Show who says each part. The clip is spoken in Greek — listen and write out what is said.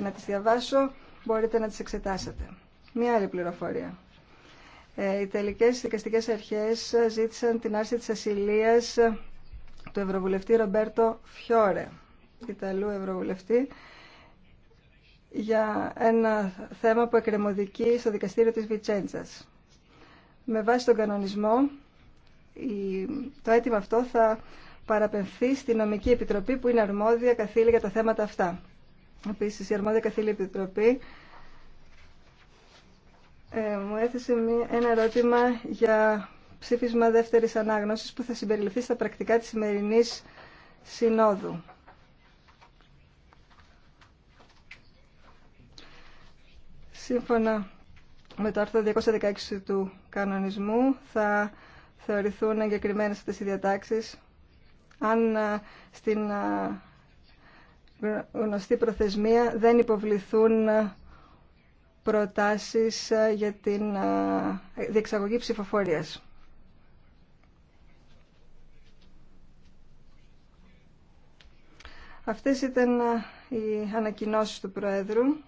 Speaker 1: να τις διαβάσω, μπορείτε να τις εξετάσετε. Μία άλλη πληροφορία. Ε, οι τελικές δικαστικές αρχές ζήτησαν την άρση της ασυλίας του Ευρωβουλευτή Ρομπέρτο Φιόρε, Ιταλού Ευρωβουλευτή, για ένα θέμα που εκκρεμωδικεί στο δικαστήριο της Βιτσέντζας. Με βάση τον κανονισμό, το αίτημα αυτό θα παραπενθεί στη νομική επιτροπή που είναι αρμόδια καθήλια για τα θέματα αυτά. Επίση, η αρμόδια Καθήλια επιτροπή ε, μου έθεσε ένα ερώτημα για ψήφισμα δεύτερης ανάγνωσης που θα συμπεριληφθεί στα πρακτικά της σημερινή συνόδου. Σύμφωνα με το άρθρο 216 του κανονισμού θα θεωρηθούν εγκεκριμένες αυτές οι διατάξεις αν ε, στην ε, γνωστή προθεσμία δεν υποβληθούν προτάσεις ε, για την ε, διεξαγωγή ψηφοφορίας. Αυτές ήταν ε, οι ανακοινώσεις του Προέδρου.